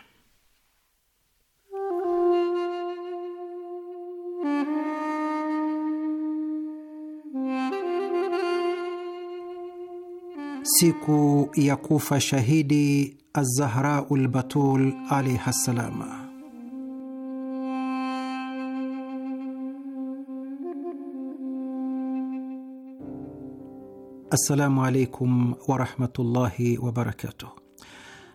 Siku ya kufa shahidi Azahraul lbatul alaihi ssalama. Assalamu alaikum warahmatullahi wabarakatuh.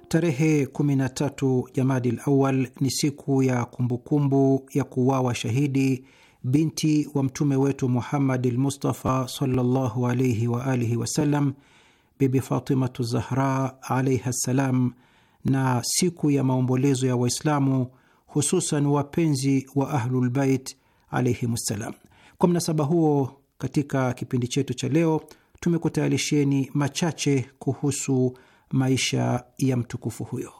Tarehe 13 jamadi lawal ni siku ya kumbukumbu kumbu ya kuwawa shahidi binti wa mtume wetu Muhammadi Lmustafa sallallahu alaihi wa alihi wasallam, Bibi Fatimatu Zahra alaiha ssalam, na siku ya maombolezo ya Waislamu hususan wapenzi wa Ahlulbait alaihim ssalam. Kwa mnasaba huo, katika kipindi chetu cha leo tumekutayarisheni machache kuhusu maisha ya mtukufu huyo.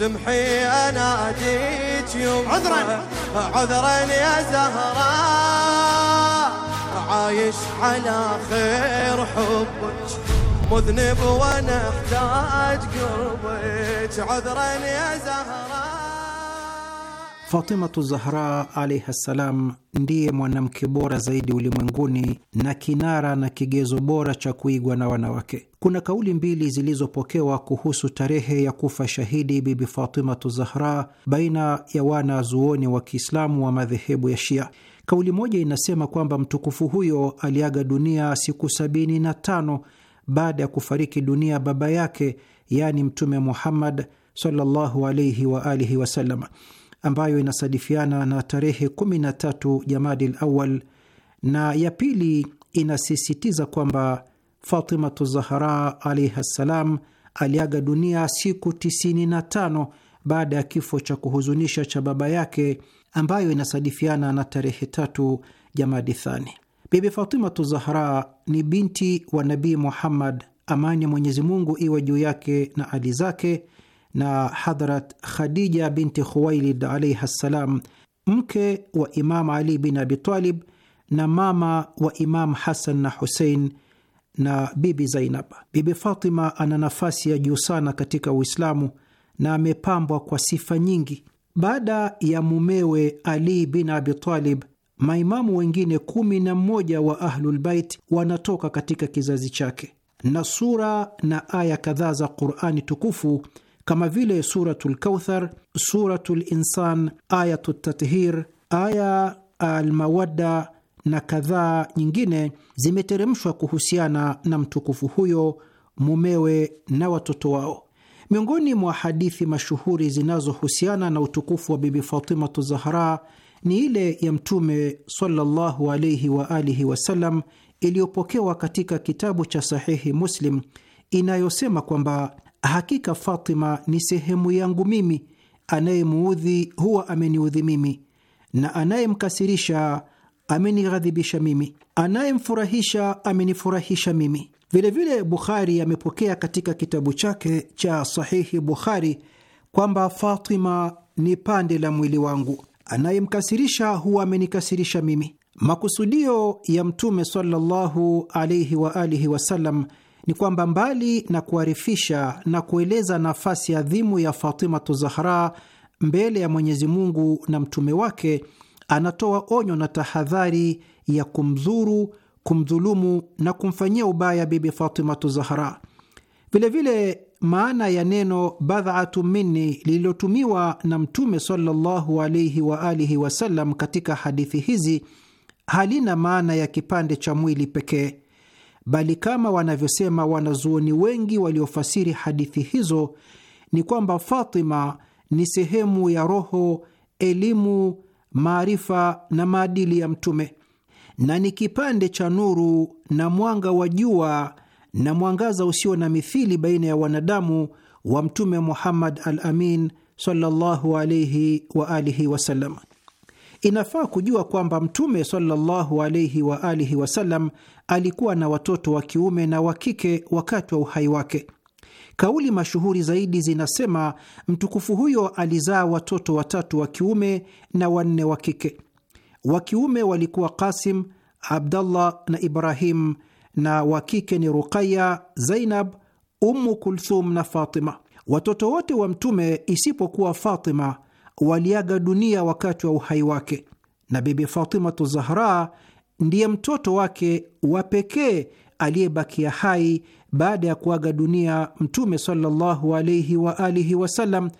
سمحي انا اجيك يوم عذرا عذرا يا زهراء عايش على خير حبك مذنب وانا احتاج قربك عذرا يا زهره Fatimatu Zahra alaihi ssalam ndiye mwanamke bora zaidi ulimwenguni na kinara na kigezo bora cha kuigwa na wanawake. Kuna kauli mbili zilizopokewa kuhusu tarehe ya kufa shahidi Bibi Fatimatu Zahra baina ya wana zuoni wa Kiislamu wa madhehebu ya Shia. Kauli moja inasema kwamba mtukufu huyo aliaga dunia siku sabini na tano baada ya kufariki dunia baba yake, yaani Mtume Muhammad sallallahu alaihi wa alihi wasallam, ambayo inasadifiana na tarehe 13 Jamadil Awal, na ya pili inasisitiza kwamba Fatimatu zahara alaihi ssalam aliaga dunia siku 95 baada ya kifo cha kuhuzunisha cha baba yake, ambayo inasadifiana na tarehe tatu Jamadi Thani. Bibi Fatimatu Zahra ni binti wa Nabii Muhammad, amani ya Mwenyezi Mungu iwe juu yake na ali zake, na Hadhrat Khadija binti Khuwailid alaihi ssalam, mke wa Imam Ali bin Abitalib na mama wa Imam Hasan na Husein na Bibi Zainab. Bibi Fatima ana nafasi ya juu sana katika Uislamu na amepambwa kwa sifa nyingi. Baada ya mumewe Ali bin Abitalib maimamu wengine kumi na mmoja wa Ahlulbait wanatoka katika kizazi chake, na sura na aya kadhaa za Qurani tukufu kama vile Suratu Lkauthar, Suratu Linsan, Ayatu Tathir, aya Almawadda na kadhaa nyingine zimeteremshwa kuhusiana na mtukufu huyo, mumewe na watoto wao. Miongoni mwa hadithi mashuhuri zinazohusiana na utukufu wa Bibi Fatimatu Zahra ni ile ya Mtume sallallahu alaihi wa alihi wasallam iliyopokewa katika kitabu cha Sahihi Muslim inayosema kwamba hakika Fatima ni sehemu yangu mimi, anayemuudhi huwa ameniudhi mimi, na anayemkasirisha amenighadhibisha mimi, anayemfurahisha amenifurahisha mimi. Vilevile Bukhari amepokea katika kitabu chake cha Sahihi Bukhari kwamba Fatima ni pande la mwili wangu anayemkasirisha huwa amenikasirisha mimi. Makusudio ya Mtume sallallahu alaihi wa alihi wasallam ni kwamba mbali na kuarifisha na kueleza nafasi adhimu ya Fatimatu Zahra mbele ya Mwenyezi Mungu na mtume wake, anatoa onyo na tahadhari ya kumdhuru, kumdhulumu na kumfanyia ubaya Bibi Fatimatu Zahra. Vilevile maana ya neno badhatu minni lililotumiwa na Mtume sallallahu alaihi wa alihi wasallam katika hadithi hizi halina maana ya kipande cha mwili pekee, bali kama wanavyosema wanazuoni wengi waliofasiri hadithi hizo ni kwamba Fatima ni sehemu ya roho, elimu, maarifa na maadili ya Mtume na ni kipande cha nuru na mwanga wa jua na mwangaza usio na mithili baina ya wanadamu wa Mtume Muhammad al Amin sallallahu alaihi wa alihi wasallam. Inafaa kujua kwamba Mtume sallallahu alaihi wa alihi wasallam alikuwa na watoto wa kiume na wa kike wakati wa uhai wake. Kauli mashuhuri zaidi zinasema mtukufu huyo alizaa watoto watatu wa kiume na wanne wa kike. Wa kiume walikuwa Qasim, Abdallah na Ibrahim na wa kike ni Ruqaya, Zainab, Ummu Kulthum na Fatima. Watoto wote wa Mtume isipokuwa Fatima waliaga dunia wakati wa uhai wake, na Bibi Fatimatu Zahra ndiye mtoto wake wa pekee aliyebakia hai baada ya kuaga dunia Mtume sallallahu alaihi wa alihi wasallam,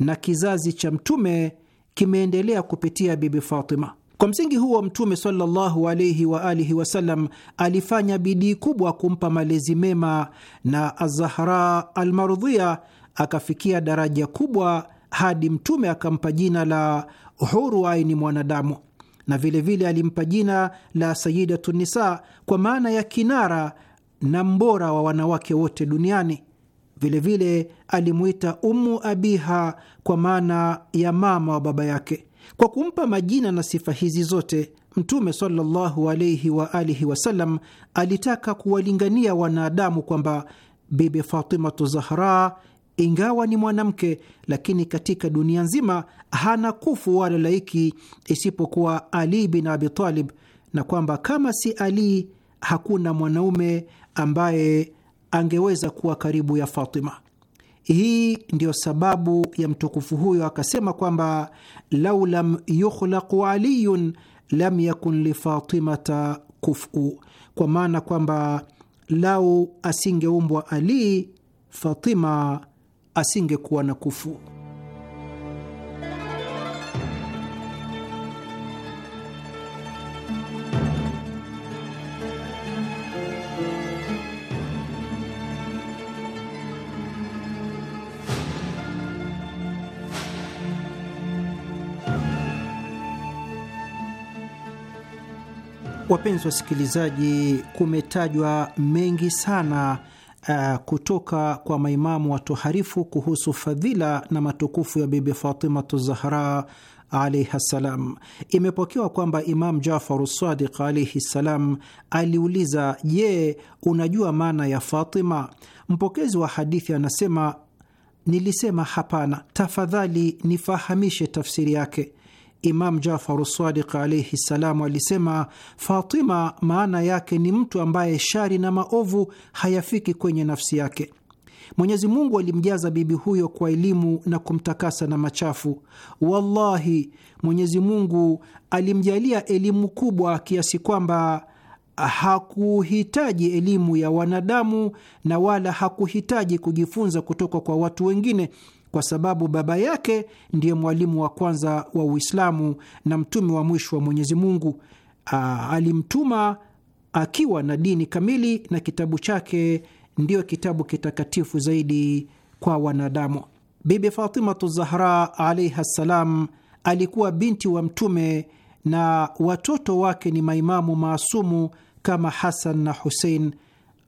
na kizazi cha Mtume kimeendelea kupitia Bibi Fatima. Kwa msingi huo Mtume sallallahu alaihi wa alihi wasallam alifanya bidii kubwa kumpa malezi mema, na Azahra Almardhia akafikia daraja kubwa hadi Mtume akampa jina la huru aini mwanadamu, na vilevile vile alimpa jina la Sayidatu Nisa kwa maana ya kinara na mbora wa wanawake wote duniani. Vilevile alimwita Ummu Abiha kwa maana ya mama wa baba yake. Kwa kumpa majina na sifa hizi zote, Mtume sallallahu wa alihi wasallam alitaka kuwalingania wanadamu kwamba Bibi Fatimatu Zahra ingawa ni mwanamke, lakini katika dunia nzima hana kufu wala laiki isipokuwa Ali bin Abi Talib, na kwamba kama si Ali hakuna mwanaume ambaye angeweza kuwa karibu ya Fatima. Hii ndiyo sababu ya mtukufu huyo akasema kwamba lau lam yukhlaqu aliyun lam yakun lifatimata kufu, kwa maana kwamba lau asingeumbwa Ali, Fatima asingekuwa na kufu. Wapenzi wasikilizaji, kumetajwa mengi sana uh, kutoka kwa maimamu watoharifu kuhusu fadhila na matukufu ya Bibi Fatimatu Zahra alaihi ssalam. Imepokewa kwamba imamu Jafaru Sadiq alaihi ssalam aliuliza, je, unajua maana ya Fatima? Mpokezi wa hadithi anasema, nilisema hapana, tafadhali nifahamishe tafsiri yake. Imam Jafaru Sadiq alaihi ssalamu alisema, Fatima maana yake ni mtu ambaye shari na maovu hayafiki kwenye nafsi yake. Mwenyezi Mungu alimjaza bibi huyo kwa elimu na kumtakasa na machafu. Wallahi, Mwenyezi Mungu alimjalia elimu kubwa kiasi kwamba hakuhitaji elimu ya wanadamu na wala hakuhitaji kujifunza kutoka kwa watu wengine, kwa sababu baba yake ndiye mwalimu wa kwanza wa Uislamu na mtume wa mwisho wa Mwenyezi Mungu. Alimtuma akiwa na dini kamili na kitabu chake ndiyo kitabu kitakatifu zaidi kwa wanadamu. Bibi Fatimatu Zahra alaihi ssalam alikuwa binti wa Mtume na watoto wake ni maimamu maasumu kama Hasan na Husein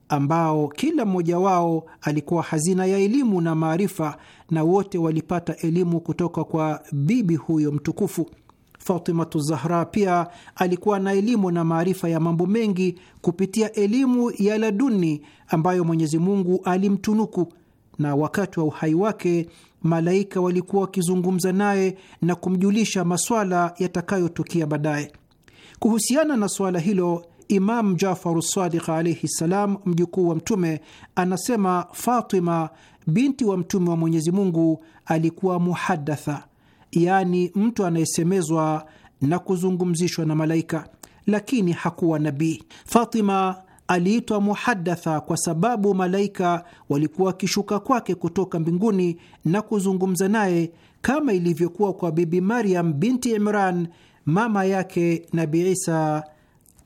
ambao kila mmoja wao alikuwa hazina ya elimu na maarifa, na wote walipata elimu kutoka kwa bibi huyo mtukufu. Fatimatu Zahra pia alikuwa na elimu na maarifa ya mambo mengi kupitia elimu ya laduni ambayo Mwenyezi Mungu alimtunuku, na wakati wa uhai wake malaika walikuwa wakizungumza naye na kumjulisha maswala yatakayotukia baadaye. Kuhusiana na suala hilo Imamu Jafaru Sadiq alaihi ssalam, mjukuu wa Mtume, anasema Fatima binti wa Mtume wa Mwenyezi Mungu alikuwa muhadatha, yaani mtu anayesemezwa na kuzungumzishwa na malaika, lakini hakuwa nabii. Fatima aliitwa muhadatha kwa sababu malaika walikuwa wakishuka kwake kutoka mbinguni na kuzungumza naye kama ilivyokuwa kwa Bibi Maryam binti Imran, mama yake Nabi Isa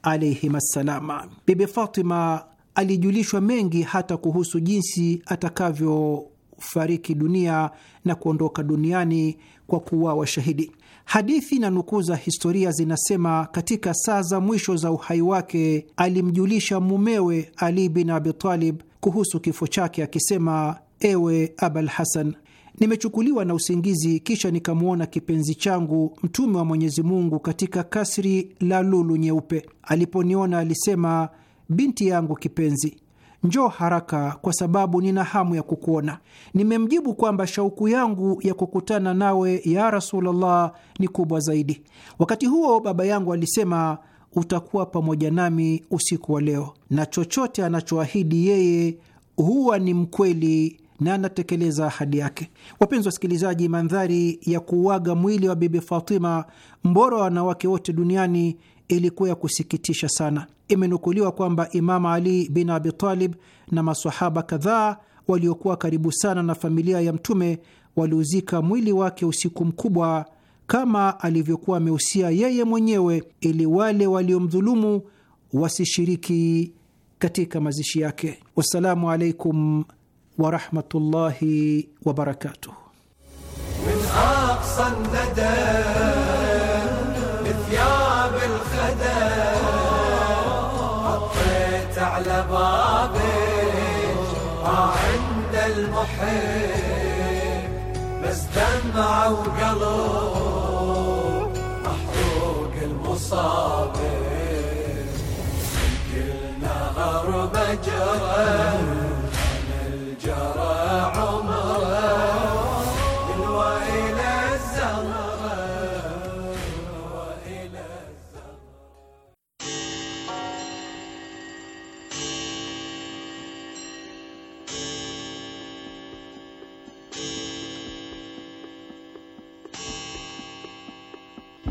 alaihim assalama. Bibi Fatima alijulishwa mengi hata kuhusu jinsi atakavyofariki dunia na kuondoka duniani kwa kuuawa shahidi. Hadithi na nukuu za historia zinasema katika saa za mwisho za uhai wake alimjulisha mumewe Ali bin Abi Talib kuhusu kifo chake akisema, ewe Abal Hasan, Nimechukuliwa na usingizi, kisha nikamwona kipenzi changu Mtume wa Mwenyezi Mungu katika kasri la lulu nyeupe. Aliponiona alisema, binti yangu kipenzi, njoo haraka, kwa sababu nina hamu ya kukuona. Nimemjibu kwamba shauku yangu ya kukutana nawe ya Rasulullah ni kubwa zaidi. Wakati huo baba yangu alisema, utakuwa pamoja nami usiku wa leo, na chochote anachoahidi yeye huwa ni mkweli na anatekeleza ahadi yake. Wapenzi wasikilizaji, mandhari ya kuuaga mwili wa Bibi Fatima, mbora wa wanawake wote duniani, ilikuwa ya kusikitisha sana. Imenukuliwa kwamba Imamu Ali bin Abi Talib na masahaba kadhaa waliokuwa karibu sana na familia ya Mtume waliuzika mwili wake usiku mkubwa kama alivyokuwa ameusia yeye mwenyewe, ili wale waliomdhulumu wasishiriki katika mazishi yake. Wassalamu alaikum ورحمة الله وبركاته من أقصى الندى بثياب الخدى حطيت على بابك ما آه، عند المحيط بس دمعة وقلب محروق المصاب كلنا غربة جرت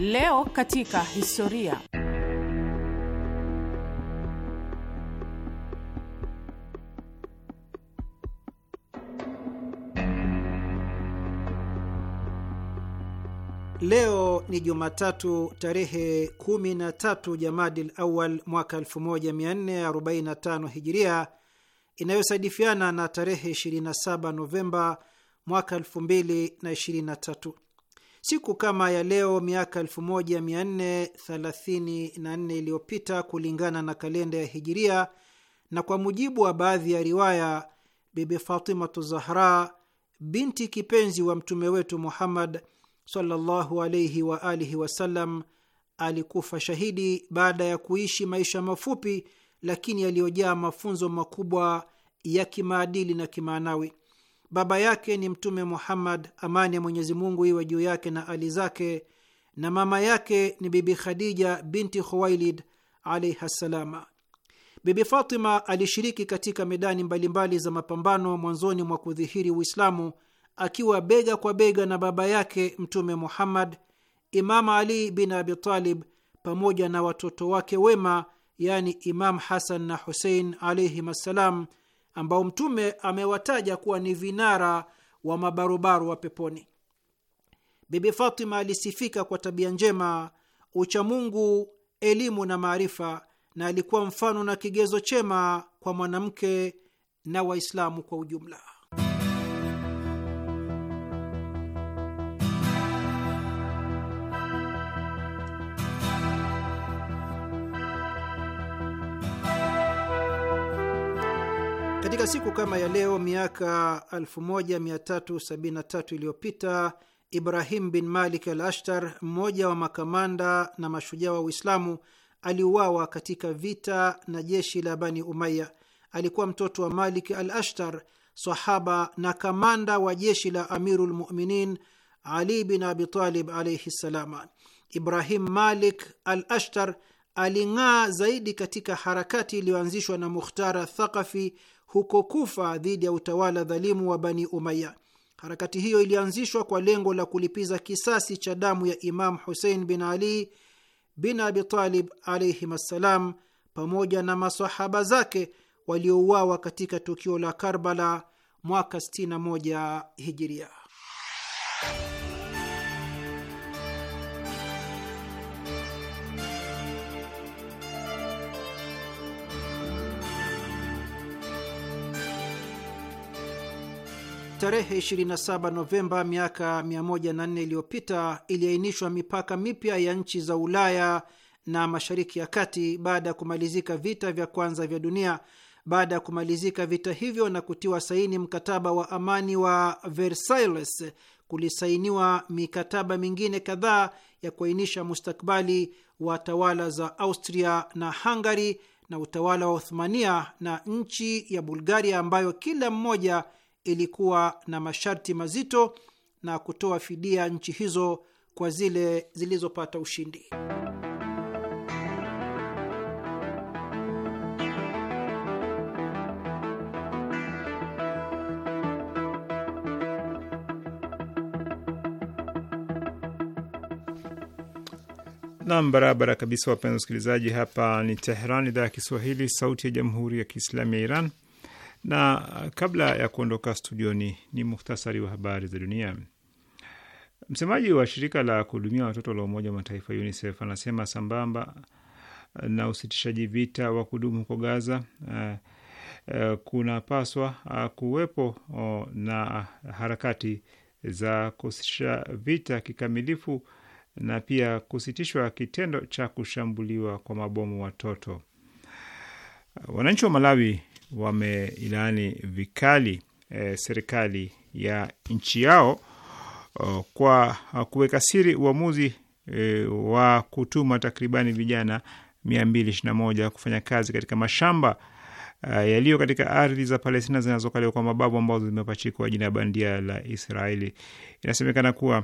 Leo katika historia. Leo ni Jumatatu tarehe 13 Jamadil Awal mwaka 1445 Hijiria, inayosadifiana na tarehe 27 Novemba mwaka 2023. Siku kama ya leo miaka 1434 iliyopita kulingana na kalenda ya Hijiria, na kwa mujibu wa baadhi ya riwaya, Bibi Fatimatu Zahra binti kipenzi wa mtume wetu Muhammad sallallahu alaihi wa alihi wasallam alikufa shahidi baada ya kuishi maisha mafupi lakini yaliyojaa mafunzo makubwa ya kimaadili na kimaanawi. Baba yake ni Mtume Muhammad, amani ya Mwenyezi Mungu iwe juu yake na ali zake, na mama yake ni Bibi Khadija binti Khuwailid alaiha ssalama. Bibi Fatima alishiriki katika medani mbalimbali za mapambano mwanzoni mwa kudhihiri Uislamu akiwa bega kwa bega na baba yake Mtume Muhammad, Imam Ali bin Abi Talib pamoja na watoto wake wema, yani Imam Hasan na Husein alaihim assalam ambao Mtume amewataja kuwa ni vinara wa mabarobaro wa peponi. Bibi Fatima alisifika kwa tabia njema, uchamungu, elimu na maarifa, na alikuwa mfano na kigezo chema kwa mwanamke na Waislamu kwa ujumla. Katika siku kama ya leo miaka 1373 iliyopita Ibrahim bin Malik al Ashtar, mmoja wa makamanda na mashujaa wa Uislamu, aliuawa katika vita na jeshi la Bani Umaya. Alikuwa mtoto wa Malik al Ashtar, sahaba na kamanda wa jeshi la Amiru lmuminin Ali bin Abitalib alaihi ssalama. Ibrahim Malik al Ashtar aling'aa zaidi katika harakati iliyoanzishwa na Mukhtara Thaqafi huko Kufa dhidi ya utawala dhalimu wa Bani Umaya. Harakati hiyo ilianzishwa kwa lengo la kulipiza kisasi cha damu ya Imamu Husein bin Ali bin Abitalib alaihim assalam, pamoja na masahaba zake waliouawa katika tukio la Karbala mwaka 61 hijiria. Tarehe 27 Novemba miaka 104 iliyopita iliainishwa mipaka mipya ya nchi za Ulaya na Mashariki ya Kati baada ya kumalizika vita vya kwanza vya dunia. Baada ya kumalizika vita hivyo na kutiwa saini mkataba wa amani wa Versailles, kulisainiwa mikataba mingine kadhaa ya kuainisha mustakbali wa tawala za Austria na Hungary na utawala wa Uthmania na nchi ya Bulgaria ambayo kila mmoja ilikuwa na masharti mazito na kutoa fidia nchi hizo kwa zile zilizopata ushindi. Nam, barabara kabisa, wapenzi wasikilizaji. Hapa ni Teheran, idhaa ya Kiswahili, sauti ya jamhuri ya kiislamu ya Iran. Na uh, kabla ya kuondoka studioni, ni muhtasari wa habari za dunia. Msemaji wa shirika la kuhudumia watoto la Umoja wa Mataifa UNICEF anasema sambamba uh, na usitishaji vita wa kudumu huko Gaza, uh, uh, kunapaswa uh, kuwepo uh, na harakati za kusitisha vita kikamilifu na pia kusitishwa kitendo cha kushambuliwa kwa mabomu watoto. Uh, wananchi wa Malawi wameilani vikali e, serikali ya nchi yao o, kwa kuweka siri uamuzi e, wa kutuma takribani vijana 221 kufanya kazi katika mashamba Uh, yaliyo katika ardhi za Palestina zinazokaliwa kwa mabavu ambazo zimepachikwa jina ya bandia la Israeli. Inasemekana kuwa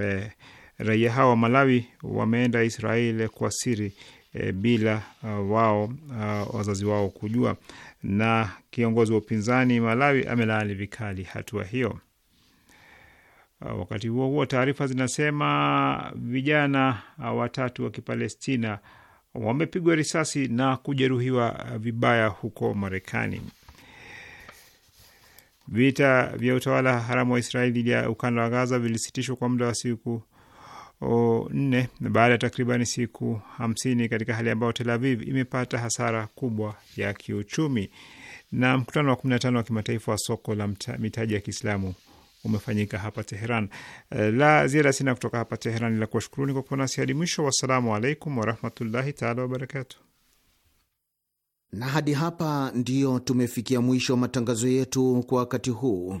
eh, raia hao wa Malawi wameenda Israeli kwa siri eh, bila uh, wao uh, wazazi wao kujua na kiongozi wa upinzani Malawi amelaani vikali hatua hiyo. Wakati huo huo, taarifa zinasema vijana watatu wa Kipalestina wamepigwa risasi na kujeruhiwa vibaya huko Marekani. Vita vya utawala haramu wa Israeli dhidi ya ukanda wa Gaza vilisitishwa kwa muda wa siku nne baada ya takribani siku hamsini katika hali ambayo Tel Aviv imepata hasara kubwa ya kiuchumi. Na mkutano wa 15 wa kimataifa wa soko la mitaji ya Kiislamu umefanyika hapa Teheran. Eh, la ziada sina kutoka hapa Teheran, ila kuwashukuruni kwa kuwa nasi hadi mwisho. Wassalamu alaikum warahmatullahi taala wabarakatu. Na hadi hapa ndiyo tumefikia mwisho wa matangazo yetu kwa wakati huu.